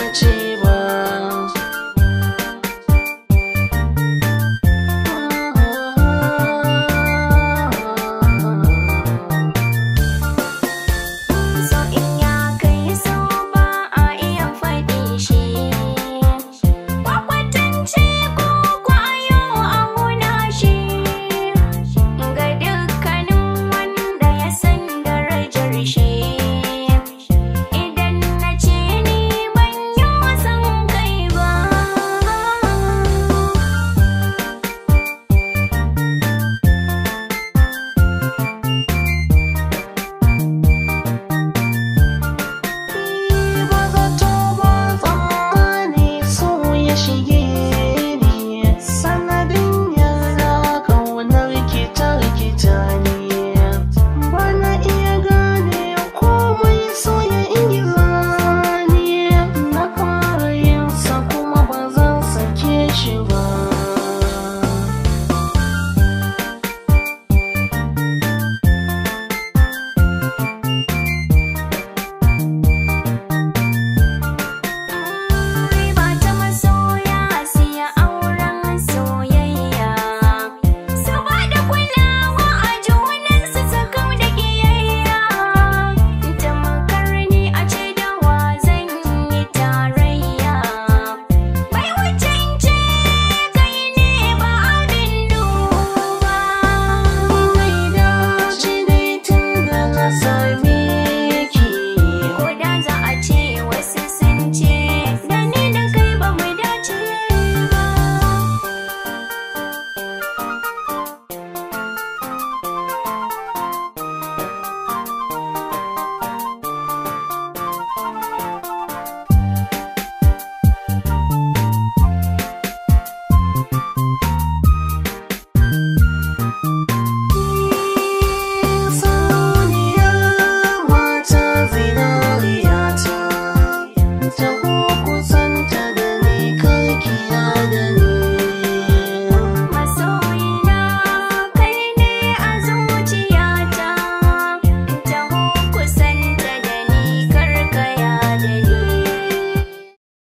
energy.